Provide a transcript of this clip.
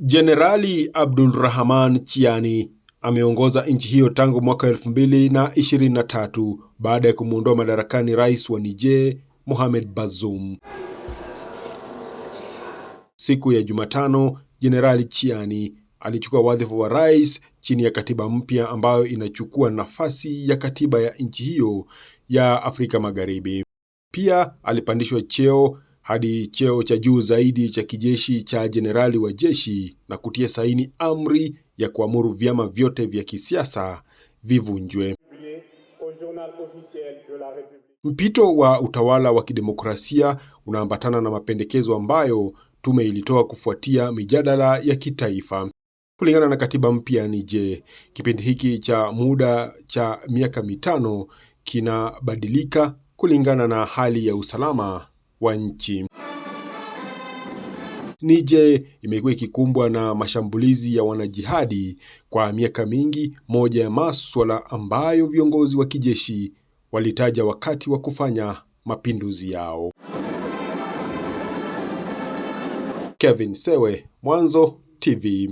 Jenerali Abdulrahman Chiani ameongoza nchi hiyo tangu mwaka 2023 baada ya kumwondoa madarakani rais wa Niger Mohamed Bazoum. Siku ya Jumatano, Jenerali Chiani alichukua wadhifa wa rais chini ya katiba mpya ambayo inachukua nafasi ya katiba ya nchi hiyo ya Afrika Magharibi. Pia alipandishwa cheo hadi cheo cha juu zaidi cha kijeshi cha jenerali wa jeshi na kutia saini amri ya kuamuru vyama vyote vya kisiasa vivunjwe. Mpito wa utawala wa kidemokrasia unaambatana na mapendekezo ambayo tume ilitoa kufuatia mijadala ya kitaifa. Kulingana na katiba mpya ni je, kipindi hiki cha muda cha miaka mitano kinabadilika kulingana na hali ya usalama wa nchi. Niger imekuwa ikikumbwa na mashambulizi ya wanajihadi kwa miaka mingi, moja ya maswala ambayo viongozi wa kijeshi walitaja wakati wa kufanya mapinduzi yao. Kevin Sewe, Mwanzo TV.